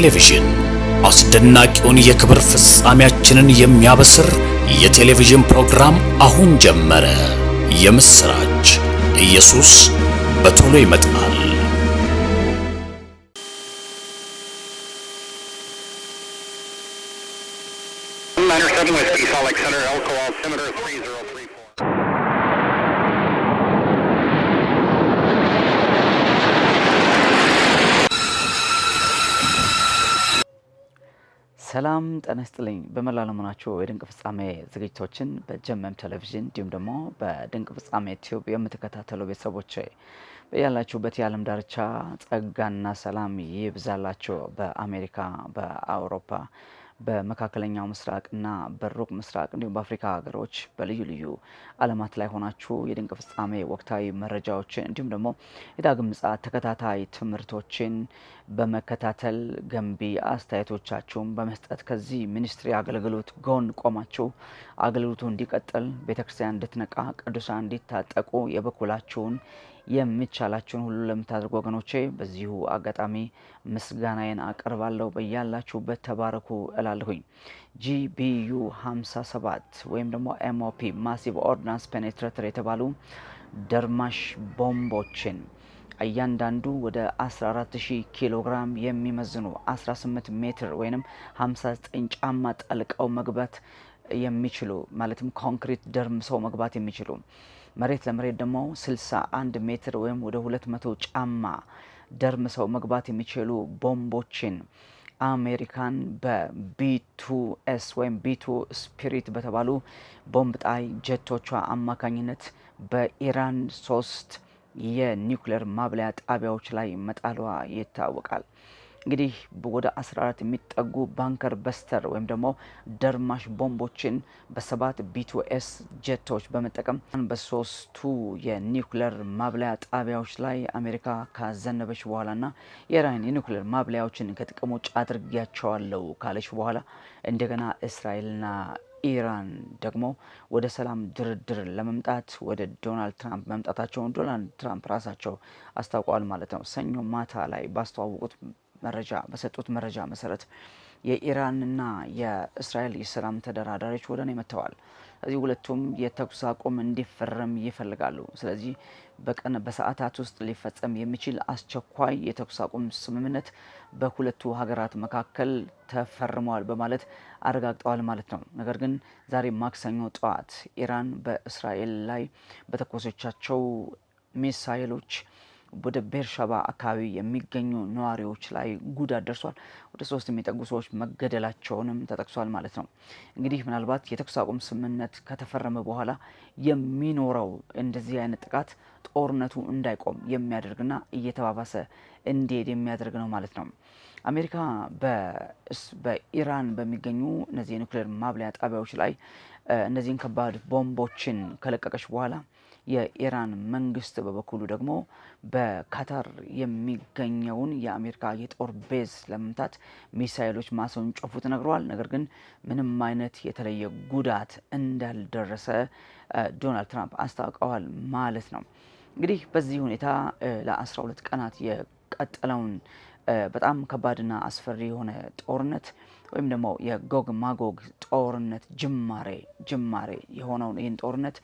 ቴሌቪዥን አስደናቂውን የክብር ፍጻሜያችንን የሚያበስር የቴሌቪዥን ፕሮግራም አሁን ጀመረ። የምስራች ኢየሱስ በቶሎ ይመጣል። ሰላም ጤና ይስጥልኝ። በመላ ለመሆናችሁ የድንቅ ፍጻሜ ዝግጅቶችን በጀመም ቴሌቪዥን እንዲሁም ደግሞ በድንቅ ፍጻሜ ዩቲዩብ የምትከታተሉ ቤተሰቦች በያላችሁበት የዓለም ዳርቻ ጸጋና ሰላም ይብዛላችሁ። በአሜሪካ፣ በአውሮፓ በመካከለኛው ምስራቅ እና በሩቅ ምስራቅ እንዲሁም በአፍሪካ ሀገሮች በልዩ ልዩ አለማት ላይ ሆናችሁ የድንቅ ፍጻሜ ወቅታዊ መረጃዎችን እንዲሁም ደግሞ የዳግም ምጽአት ተከታታይ ትምህርቶችን በመከታተል ገንቢ አስተያየቶቻችሁን በመስጠት ከዚህ ሚኒስትሪ አገልግሎት ጎን ቆማችሁ አገልግሎቱ እንዲቀጥል ቤተክርስቲያን እንድትነቃ ቅዱሳን እንዲታጠቁ የበኩላችሁን የሚቻላችሁን ሁሉ ለምታደርጉ ወገኖቼ በዚሁ አጋጣሚ ምስጋናዬን አቀርባለሁ። በያላችሁበት ተባረኩ እላለሁኝ። ጂቢዩ 57 ወይም ደግሞ ኤምኦፒ ማሲቭ ኦርዲናንስ ፔኔትሬተር የተባሉ ደርማሽ ቦምቦችን እያንዳንዱ ወደ 14000 ኪሎ ግራም የሚመዝኑ 18 ሜትር ወይም 59 ጫማ ጠልቀው መግባት የሚችሉ ማለትም ኮንክሪት ደርምሰው መግባት የሚችሉ መሬት ለመሬት ደግሞ 61 ሜትር ወይም ወደ 200 ጫማ ደርምሰው መግባት የሚችሉ ቦምቦችን አሜሪካን በቢቱኤስ ወይም ቢቱ ስፒሪት በተባሉ ቦምብ ጣይ ጀቶቿ አማካኝነት በኢራን ሶስት የኒውክሌር ማብለያ ጣቢያዎች ላይ መጣሏ ይታወቃል። እንግዲህ ወደ 14 የሚጠጉ ባንከር በስተር ወይም ደግሞ ደርማሽ ቦምቦችን በሰባት ቢቱኤስ ጀቶች በመጠቀም በሶስቱ የኒውክሌር ማብለያ ጣቢያዎች ላይ አሜሪካ ካዘነበች በኋላና የኢራን የኒውክሌር ማብለያዎችን ከጥቅም ውጭ አድርጊያቸዋለሁ ካለች በኋላ እንደገና እስራኤልና ኢራን ደግሞ ወደ ሰላም ድርድር ለመምጣት ወደ ዶናልድ ትራምፕ መምጣታቸውን ዶናልድ ትራምፕ ራሳቸው አስታውቀዋል ማለት ነው። ሰኞ ማታ ላይ ባስተዋወቁት መረጃ በሰጡት መረጃ መሰረት የኢራንና የእስራኤል የሰላም ተደራዳሪዎች ወደ እኔ መጥተዋል። ስለዚህ ሁለቱም የተኩስ አቁም እንዲፈረም ይፈልጋሉ። ስለዚህ በቀን በሰዓታት ውስጥ ሊፈጸም የሚችል አስቸኳይ የተኩስ አቁም ስምምነት በሁለቱ ሀገራት መካከል ተፈርመዋል በማለት አረጋግጠዋል ማለት ነው። ነገር ግን ዛሬ ማክሰኞ ጠዋት ኢራን በእስራኤል ላይ በተኮሶቻቸው ሚሳይሎች ወደ ቤርሻባ አካባቢ የሚገኙ ነዋሪዎች ላይ ጉዳት ደርሷል። ወደ ሶስት የሚጠጉ ሰዎች መገደላቸውንም ተጠቅሷል ማለት ነው። እንግዲህ ምናልባት የተኩስ አቁም ስምምነት ከተፈረመ በኋላ የሚኖረው እንደዚህ አይነት ጥቃት ጦርነቱ እንዳይቆም የሚያደርግና እየተባባሰ እንዲሄድ የሚያደርግ ነው ማለት ነው። አሜሪካ በኢራን በሚገኙ እነዚህ የኒውክሌር ማብለያ ጣቢያዎች ላይ እነዚህን ከባድ ቦምቦችን ከለቀቀች በኋላ የኢራን መንግስት በበኩሉ ደግሞ በካታር የሚገኘውን የአሜሪካ የጦር ቤዝ ለመምታት ሚሳይሎች ማስወንጨፉ ተነግረዋል። ነገር ግን ምንም አይነት የተለየ ጉዳት እንዳልደረሰ ዶናልድ ትራምፕ አስታውቀዋል ማለት ነው። እንግዲህ በዚህ ሁኔታ ለ12 ቀናት የቀጠለውን በጣም ከባድና አስፈሪ የሆነ ጦርነት ወይም ደግሞ የጎግ ማጎግ ጦርነት ጅማሬ ጅማሬ የሆነውን ይህን ጦርነት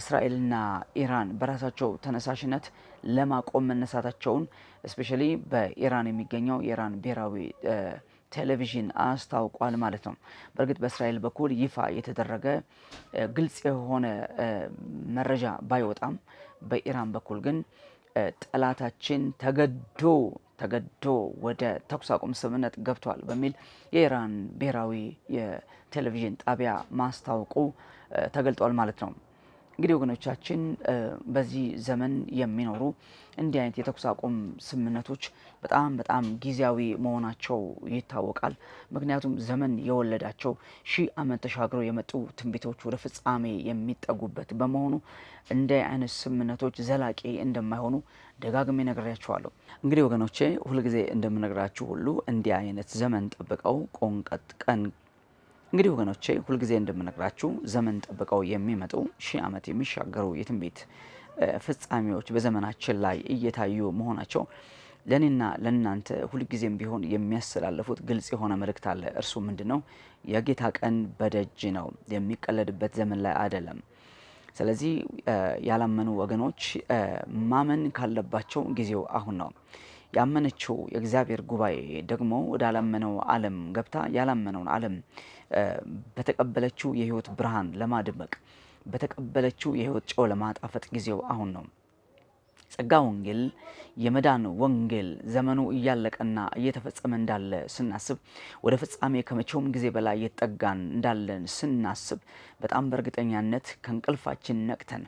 እስራኤልና ኢራን በራሳቸው ተነሳሽነት ለማቆም መነሳታቸውን እስፔሻሊ በኢራን የሚገኘው የኢራን ብሔራዊ ቴሌቪዥን አስታውቋል ማለት ነው። በእርግጥ በእስራኤል በኩል ይፋ የተደረገ ግልጽ የሆነ መረጃ ባይወጣም በኢራን በኩል ግን ጠላታችን ተገዶ ተገዶ ወደ ተኩስ አቁም ስምምነት ገብቷል በሚል የኢራን ብሔራዊ የቴሌቪዥን ጣቢያ ማስታወቁ ተገልጧል ማለት ነው። እንግዲህ ወገኖቻችን በዚህ ዘመን የሚኖሩ እንዲህ አይነት የተኩስ አቁም ስምምነቶች በጣም በጣም ጊዜያዊ መሆናቸው ይታወቃል። ምክንያቱም ዘመን የወለዳቸው ሺህ ዓመት ተሻግረው የመጡ ትንቢቶች ወደ ፍጻሜ የሚጠጉበት በመሆኑ እንዲህ አይነት ስምምነቶች ዘላቂ እንደማይሆኑ ደጋግሜ ነግሬያችኋለሁ። እንግዲህ ወገኖቼ ሁልጊዜ እንደምነግራችሁ ሁሉ እንዲህ አይነት ዘመን ጠብቀው ቆንቀጥ ቀን እንግዲህ ወገኖቼ ሁልጊዜ እንደምነግራችሁ ዘመን ጠብቀው የሚመጡ ሺህ ዓመት የሚሻገሩ የትንቢት ፍጻሜዎች በዘመናችን ላይ እየታዩ መሆናቸው ለእኔና ለእናንተ ሁልጊዜም ቢሆን የሚያስተላልፉት ግልጽ የሆነ መልእክት አለ። እርሱ ምንድን ነው? የጌታ ቀን በደጅ ነው፣ የሚቀለድበት ዘመን ላይ አይደለም። ስለዚህ ያላመኑ ወገኖች ማመን ካለባቸው ጊዜው አሁን ነው። ያመነችው የእግዚአብሔር ጉባኤ ደግሞ ወዳላመነው ዓለም ገብታ ያላመነውን ዓለም በተቀበለችው የህይወት ብርሃን ለማድመቅ በተቀበለችው የህይወት ጨው ለማጣፈጥ ጊዜው አሁን ነው። ጸጋ ወንጌል የመዳን ወንጌል ዘመኑ እያለቀና እየተፈጸመ እንዳለ ስናስብ ወደ ፍጻሜ ከመቼውም ጊዜ በላይ እየተጠጋን እንዳለን ስናስብ በጣም በእርግጠኛነት ከእንቅልፋችን ነቅተን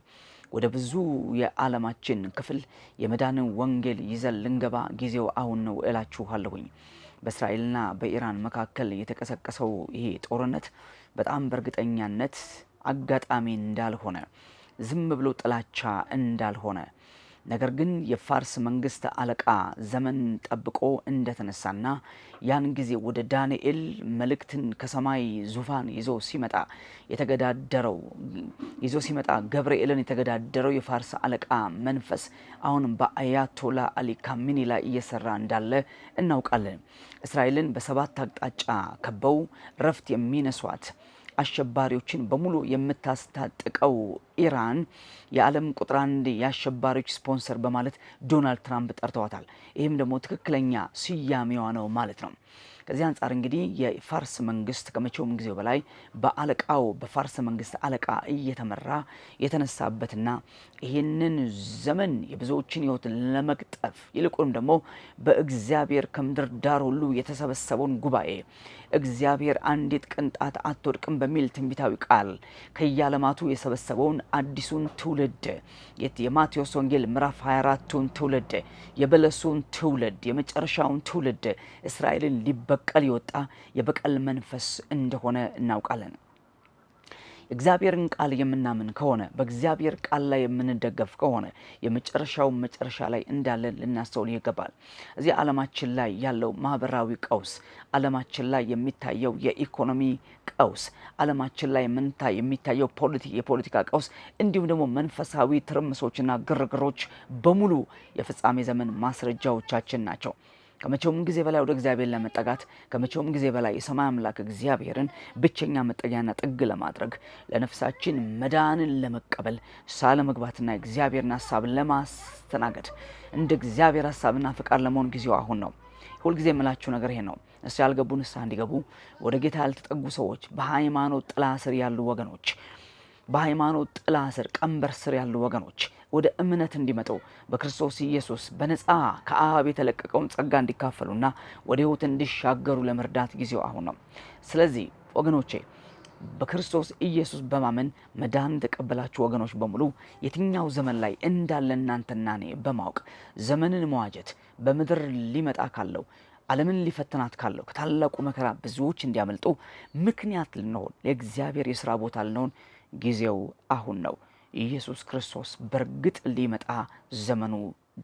ወደ ብዙ የዓለማችን ክፍል የመዳንን ወንጌል ይዘን ልንገባ ጊዜው አሁን ነው እላችኋለሁኝ። በእስራኤልና በኢራን መካከል የተቀሰቀሰው ይሄ ጦርነት በጣም በእርግጠኛነት አጋጣሚ እንዳልሆነ፣ ዝም ብሎ ጥላቻ እንዳልሆነ ነገር ግን የፋርስ መንግስት አለቃ ዘመን ጠብቆ እንደተነሳና ያን ጊዜ ወደ ዳንኤል መልእክትን ከሰማይ ዙፋን ይዞ ሲመጣ የተገዳደረው ይዞ ሲመጣ ገብርኤልን የተገዳደረው የፋርስ አለቃ መንፈስ አሁንም በአያቶላ አሊ ካሚኒ ላይ እየሰራ እንዳለ እናውቃለን። እስራኤልን በሰባት አቅጣጫ ከበው እረፍት የሚነሷት አሸባሪዎችን በሙሉ የምታስታጥቀው ኢራን የዓለም ቁጥር አንድ የአሸባሪዎች ስፖንሰር በማለት ዶናልድ ትራምፕ ጠርተዋታል። ይህም ደግሞ ትክክለኛ ስያሜዋ ነው ማለት ነው። ከዚህ አንጻር እንግዲህ የፋርስ መንግስት ከመቼውም ጊዜ በላይ በአለቃው በፋርስ መንግስት አለቃ እየተመራ የተነሳበትና ይህንን ዘመን የብዙዎችን ህይወትን ለመቅጠፍ ይልቁንም ደግሞ በእግዚአብሔር ከምድር ዳር ሁሉ የተሰበሰበውን ጉባኤ እግዚአብሔር አንዲት ቅንጣት አትወድቅም በሚል ትንቢታዊ ቃል ከየዓለማቱ የሰበሰበውን አዲሱን ትውልድ የማቴዎስ ወንጌል ምዕራፍ 24ቱን ትውልድ የበለሱን ትውልድ የመጨረሻውን ትውልድ እስራኤልን ሊበ በቀል የወጣ የበቀል መንፈስ እንደሆነ እናውቃለን። እግዚአብሔርን ቃል የምናምን ከሆነ በእግዚአብሔር ቃል ላይ የምንደገፍ ከሆነ የመጨረሻው መጨረሻ ላይ እንዳለን ልናስተውል ይገባል። እዚህ ዓለማችን ላይ ያለው ማህበራዊ ቀውስ፣ ዓለማችን ላይ የሚታየው የኢኮኖሚ ቀውስ፣ ዓለማችን ላይ ምንታ የሚታየው የፖለቲካ ቀውስ እንዲሁም ደግሞ መንፈሳዊ ትርምሶችና ግርግሮች በሙሉ የፍጻሜ ዘመን ማስረጃዎቻችን ናቸው። ከመቼውም ጊዜ በላይ ወደ እግዚአብሔር ለመጠጋት ከመቼውም ጊዜ በላይ የሰማይ አምላክ እግዚአብሔርን ብቸኛ መጠጊያና ጥግ ለማድረግ ለነፍሳችን መዳንን ለመቀበል ሳ ለመግባትና የእግዚአብሔርን ሀሳብ ለማስተናገድ እንደ እግዚአብሔር ሀሳብና ፍቃድ ለመሆን ጊዜው አሁን ነው። ሁልጊዜ የምላችሁ ነገር ይሄ ነው። እስ ያልገቡ ንስሐ እንዲገቡ ወደ ጌታ ያልተጠጉ ሰዎች፣ በሃይማኖት ጥላ ስር ያሉ ወገኖች፣ በሃይማኖት ጥላ ስር ቀንበር ስር ያሉ ወገኖች ወደ እምነት እንዲመጡ በክርስቶስ ኢየሱስ በነፃ ከአብ የተለቀቀውን ጸጋ እንዲካፈሉና ወደ ሕይወት እንዲሻገሩ ለመርዳት ጊዜው አሁን ነው። ስለዚህ ወገኖቼ በክርስቶስ ኢየሱስ በማመን መዳን ተቀበላችሁ ወገኖች በሙሉ የትኛው ዘመን ላይ እንዳለ እናንተና እኔ በማወቅ ዘመንን መዋጀት በምድር ሊመጣ ካለው ዓለምን ሊፈትናት ካለው ከታላቁ መከራ ብዙዎች እንዲያመልጡ ምክንያት ልንሆን የእግዚአብሔር የሥራ ቦታ ልንሆን ጊዜው አሁን ነው። ኢየሱስ ክርስቶስ በእርግጥ ሊመጣ ዘመኑ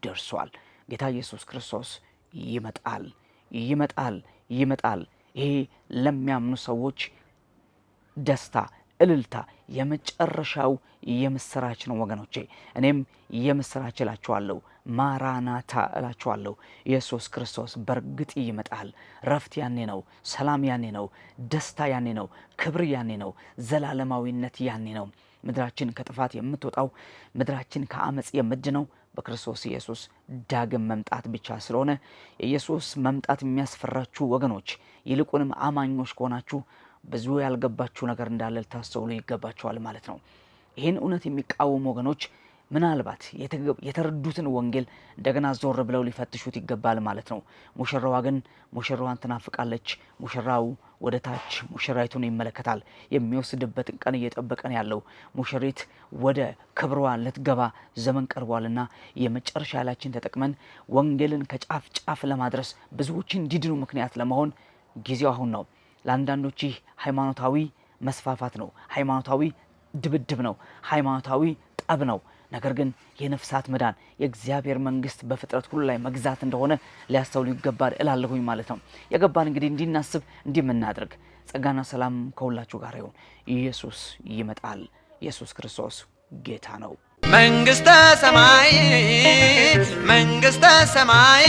ደርሷል። ጌታ ኢየሱስ ክርስቶስ ይመጣል፣ ይመጣል፣ ይመጣል። ይሄ ለሚያምኑ ሰዎች ደስታ፣ እልልታ፣ የመጨረሻው የምስራች ነው ወገኖቼ። እኔም የምስራች እላችኋለሁ፣ ማራናታ እላችኋለሁ። ኢየሱስ ክርስቶስ በእርግጥ ይመጣል። ረፍት ያኔ ነው፣ ሰላም ያኔ ነው፣ ደስታ ያኔ ነው፣ ክብር ያኔ ነው፣ ዘላለማዊነት ያኔ ነው። ምድራችን ከጥፋት የምትወጣው ምድራችን ከአመፅ የምድነው በክርስቶስ ኢየሱስ ዳግም መምጣት ብቻ ስለሆነ የኢየሱስ መምጣት የሚያስፈራችሁ ወገኖች፣ ይልቁንም አማኞች ከሆናችሁ ብዙ ያልገባችሁ ነገር እንዳለ ልታስተውሉ ይገባችኋል ማለት ነው። ይህን እውነት የሚቃወሙ ወገኖች ምናልባት የተረዱትን ወንጌል እንደገና ዞር ብለው ሊፈትሹት ይገባል ማለት ነው። ሙሽራዋ ግን ሙሽራዋን ትናፍቃለች። ሙሽራው ወደ ታች ሙሽራይቱን ይመለከታል። የሚወስድበትን ቀን እየጠበቀን ያለው ሙሽሪት ወደ ክብሯ ልትገባ ዘመን ቀርቧልና የመጨረሻ ያላችን ተጠቅመን ወንጌልን ከጫፍ ጫፍ ለማድረስ ብዙዎችን እንዲድኑ ምክንያት ለመሆን ጊዜው አሁን ነው። ለአንዳንዶች ይህ ሃይማኖታዊ መስፋፋት ነው። ሃይማኖታዊ ድብድብ ነው። ሃይማኖታዊ ጠብ ነው። ነገር ግን የነፍሳት መዳን የእግዚአብሔር መንግስት በፍጥረት ሁሉ ላይ መግዛት እንደሆነ ሊያስተውሉ ይገባል እላለሁኝ ማለት ነው። የገባን እንግዲህ እንዲናስብ እንዲምናደርግ ጸጋና ሰላም ከሁላችሁ ጋር ይሁን። ኢየሱስ ይመጣል። ኢየሱስ ክርስቶስ ጌታ ነው። መንግስተ ሰማይ መንግስተ ሰማይ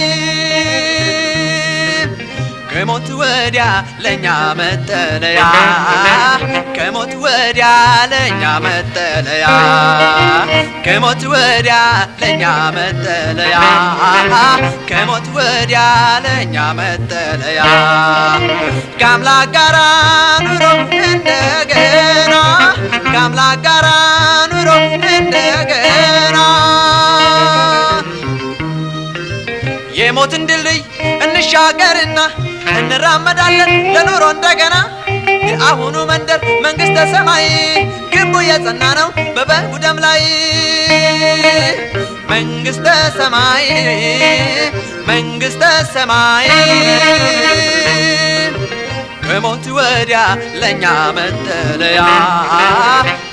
ከሞት ወዲያ ለእኛ መጠለያ ወዲያ ለእኛ መጠለያ ከሞት ወዲያ ለእኛ መጠለያ ከሞት ወዲያ ለእኛ መጠለያ ከአምላክ ጋራ ኑሮ እንደገና ከአምላክ ጋራ ኑሮ እንደገና የሞትን ድልድይ እንሻገርና እንራመዳለን ለኑሮ እንደገና አሁኑ መንደር መንግስተ ሰማይ ግንቡ የጸና ነው በበጉ ደም ላይ መንግስተ ሰማይ መንግስተ ሰማይ ከሞት ወዲያ ለእኛ መጠለያ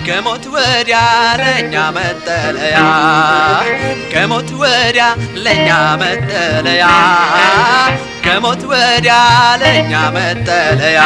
ከሞት ወዲያ ለእኛ መጠለያ ከሞት ወዲያ ለእኛ መጠለያ ከሞት ወዲያ ለእኛ መጠለያ